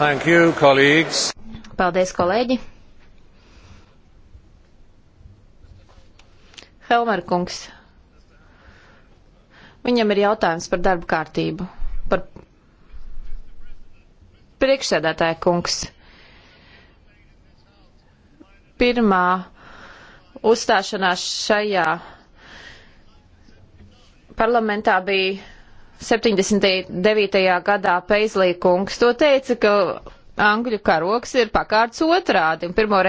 Thank you, colleagues. Paldies, kolēģi. Helmer kungs. Viņam ir jautājums par darba kārtību. Par priekšsēdētāja kungs. Pirmā uzstāšanās šajā parlamentā bija 79. gadā Peizlī kungs to teica, ka angļu karoks ir pakārts otrādi, un pirmo reizi